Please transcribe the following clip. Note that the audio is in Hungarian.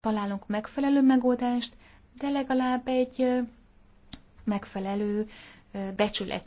találunk megfelelő megoldást, de legalább egy megfelelő becsületet